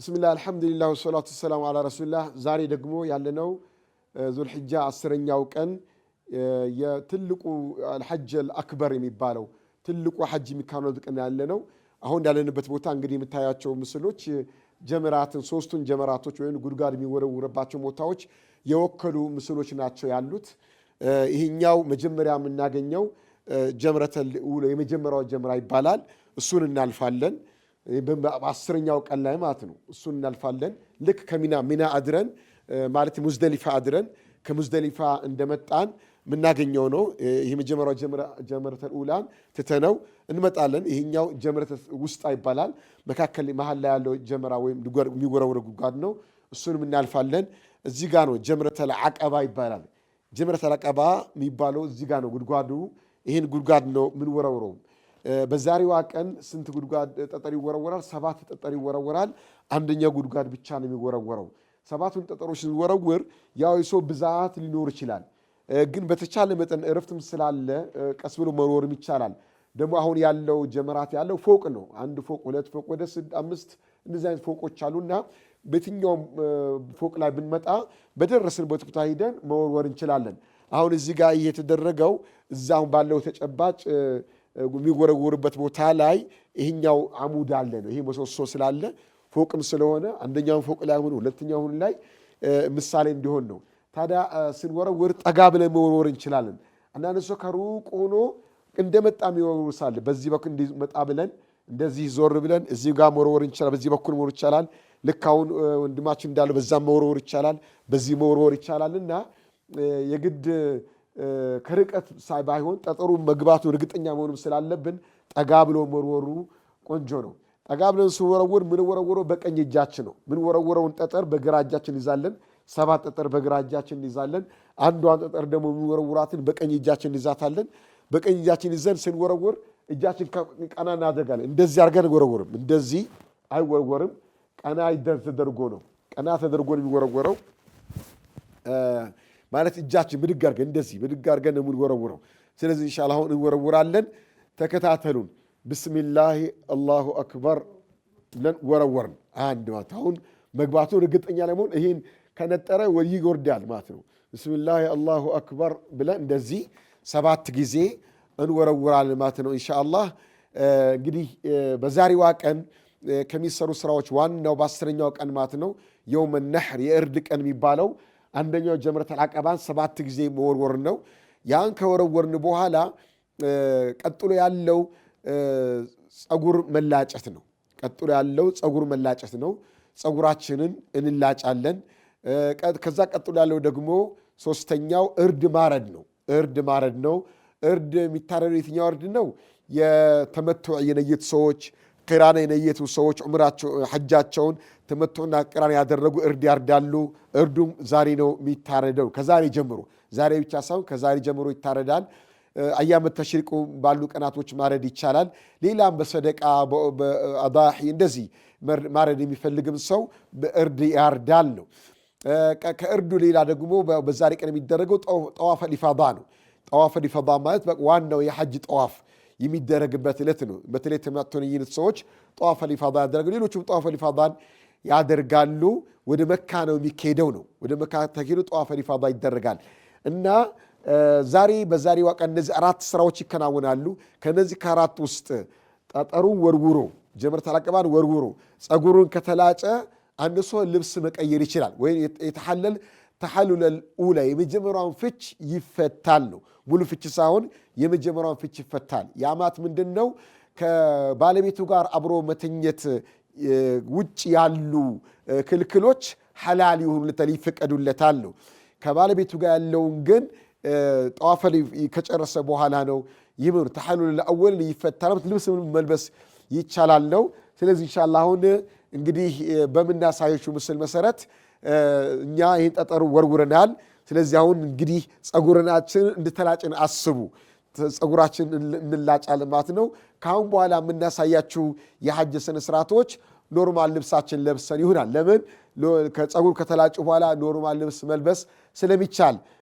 ብስሚላ አልሐምዱሊላህ ወሰላቱ ወሰላሙ አላ ረሱሊላህ። ዛሬ ደግሞ ያለነው ዙልሕጃ አስረኛው ቀን የትልቁ አልሐጅ አክበር የሚባለው ትልቁ ሐጅ የሚካሄድበት ቀን ያለነው። አሁን ያለንበት ቦታ እንግዲህ የምታያቸው ምስሎች ጀመራትን ሶስቱን ጀመራቶች ወይም ጉድጓድ የሚወረውረባቸው ቦታዎች የወከሉ ምስሎች ናቸው ያሉት። ይህኛው መጀመሪያ የምናገኘው ጀምረተል የመጀመሪያው ጀምራ ይባላል። እሱን እናልፋለን። በአስረኛው ቀን ላይ ማለት ነው። እሱን እናልፋለን። ልክ ከሚና ሚና አድረን ማለት ሙዝደሊፋ አድረን ከሙዝደሊፋ እንደመጣን የምናገኘው ነው። ይህ መጀመሪያው ጀመረተል ኡላን ትተነው እንመጣለን። ይሄኛው ጀመረተ ውስጣ ይባላል። መካከል መሀል ላይ ያለው ጀመራ ወይም የሚወረወረ ጉድጓድ ነው። እሱንም እናልፋለን። እዚህ ጋ ነው ጀመረተል አቀባ ይባላል። ጀመረተል አቀባ የሚባለው እዚህ ጋ ነው ጉድጓዱ። ይህን ጉድጓድ ነው የምንወረውረው በዛሬዋ ቀን ስንት ጉድጓድ ጠጠር ይወረወራል? ሰባት ጠጠር ይወረወራል። አንደኛ ጉድጓድ ብቻ ነው የሚወረወረው። ሰባቱን ጠጠሮች ስንወረውር ያው የሰው ብዛት ሊኖር ይችላል፣ ግን በተቻለ መጠን እረፍትም ስላለ ቀስ ብሎ መኖርም ይቻላል። ደግሞ አሁን ያለው ጀመራት ያለው ፎቅ ነው። አንድ ፎቅ፣ ሁለት ፎቅ፣ ወደ አምስት እንደዚህ አይነት ፎቆች አሉና በየትኛውም ፎቅ ላይ ብንመጣ በደረስንበት ቦታ ሂደን መወርወር እንችላለን። አሁን እዚህ ጋር እየተደረገው እዛሁን ባለው ተጨባጭ የሚወረወሩበት ቦታ ላይ ይሄኛው አሙድ አለ ነው። ይሄ ምሰሶ ስላለ ፎቅም ስለሆነ አንደኛውን ፎቅ ላይ ሆነ ሁለተኛውን ላይ ምሳሌ እንዲሆን ነው። ታዲያ ስንወረወር ጠጋ ብለን መወርወር እንችላለን። አንዳንድ ሰው ከሩቅ ሆኖ እንደመጣ የሚወረወር ሳለ በዚህ በኩል እንዲመጣ ብለን እንደዚህ ዞር ብለን እዚህ ጋር መወርወር እንችላል። በዚህ በኩል መወርወር ይቻላል። ልክ አሁን ወንድማችን እንዳለው በዛም መወርወር ይቻላል፣ በዚህ መወርወር ይቻላል እና የግድ ከርቀት ባይሆን ጠጠሩ መግባቱ እርግጠኛ መሆኑም ስላለብን ጠጋ ብሎ መወርወሩ ቆንጆ ነው። ጠጋ ብለን ስንወረውር ምንወረውረው በቀኝ እጃችን ነው። ምንወረውረውን ጠጠር በግራ እጃችን እንይዛለን። ሰባት ጠጠር በግራ እጃችን እንይዛለን። አንዷን ጠጠር ደግሞ የምንወረውራትን በቀኝ እጃችን እንይዛታለን። በቀኝ እጃችን ይዘን ስንወረውር እጃችን ቀና እናደርጋለን። እንደዚህ አድርገን አይወረወርም። እንደዚህ አይወረወርም። ቀና ተደርጎ ነው። ቀና ተደርጎ ነው የሚወረወረው። ማለት እጃችን ብድግ አድርገን እንደዚህ ብድግ አድርገን የምንወረውረው። ስለዚህ እንሻላ አሁን እንወረውራለን። ተከታተሉን። ብስሚላህ አላሁ አክበር ብለን ወረወርን። አንድ ማለት አሁን መግባቱን እርግጠኛ ለመሆን ይህን ከነጠረ ይወርዳል ማለት ነው። ብስሚላህ አላሁ አክበር ብለን እንደዚህ ሰባት ጊዜ እንወረውራለን ማለት ነው ኢንሻአላህ። እንግዲህ በዛሬዋ ቀን ከሚሰሩ ስራዎች ዋናው በአስረኛው ቀን ማለት ነው የውመ ነሕር የእርድ ቀን የሚባለው አንደኛው ጀምረተል አቀባን ሰባት ጊዜ መወርወር ነው። ያን ከወረወርን በኋላ ቀጥሎ ያለው ጸጉር መላጨት ነው። ቀጥሎ ያለው ጸጉር መላጨት ነው። ጸጉራችንን እንላጫለን። ከዛ ቀጥሎ ያለው ደግሞ ሶስተኛው እርድ ማረድ ነው። እርድ ማረድ ነው። እርድ የሚታረዱ የትኛው እርድ ነው? የተመቶ የነየት ሰዎች ቅራን የነየቱ ሰዎች ዑምራቸው ሐጃቸውን ተመቶና ቅራን ያደረጉ እርድ ያርዳሉ። እርዱም ዛሬ ነው የሚታረደው። ከዛሬ ጀምሮ ዛሬ ብቻ ሳይሆን ከዛሬ ጀምሮ ይታረዳል። አያመት ተሽሪቁ ባሉ ቀናቶች ማረድ ይቻላል። ሌላም በሰደቃ በአዳሒ እንደዚህ ማረድ የሚፈልግም ሰው በእርድ ያርዳል ነው። ከእርዱ ሌላ ደግሞ በዛሬ ቀን የሚደረገው ጠዋፈ ሊፋዳ ነው። ጠዋፈ ሊፋዳ ማለት ዋናው የሐጅ ጠዋፍ የሚደረግበት እለት ነው። በተለይ ተመጥቶን ይነት ሰዎች ጠዋፈ ሊፋዳ ያደረጉ ሌሎችም ጠዋፈ ሊፋዳን ያደርጋሉ። ወደ መካ ነው የሚካሄደው ነው ወደ መካ ተሄዶ ጠዋፈ ሊፋዳ ይደረጋል እና ዛሬ በዛሬዋ ቀን እነዚህ አራት ስራዎች ይከናወናሉ። ከነዚህ ከአራት ውስጥ ጠጠሩን ወርውሮ ጀመረተል አቅባን ወርውሮ ፀጉሩን ከተላጨ አንድ ሰው ልብስ መቀየር ይችላል ወይም የተሐለል ተሐሉለል ኡላ የመጀመሪያውን ፍች ይፈታል ነው። ሙሉ ፍች ሳይሆን የመጀመሪያውን ፍች ይፈታል። የአማት ምንድን ነው? ከባለቤቱ ጋር አብሮ መተኘት ውጭ ያሉ ክልክሎች ሐላል ይሆኑለታል፣ ይፈቀዱለታል ነው። ከባለቤቱ ጋር ያለውን ግን ጠዋፈ ከጨረሰ በኋላ ነው። ይህ ተሐሉለል አወል ይፈታል። ልብስ መልበስ ይቻላል ነው። ስለዚህ ኢንሻላህ አሁን እንግዲህ በምናሳዮቹ ምስል መሰረት እኛ ይህን ጠጠር ወርውረናል። ስለዚህ አሁን እንግዲህ ጸጉርናችን እንድተላጭን አስቡ። ጸጉራችን እንላጫ ልማት ነው። ከአሁን በኋላ የምናሳያችሁ የሐጅ ስነ ስርዓቶች ኖርማል ልብሳችን ለብሰን ይሆናል። ለምን ከጸጉር ከተላጩ በኋላ ኖርማል ልብስ መልበስ ስለሚቻል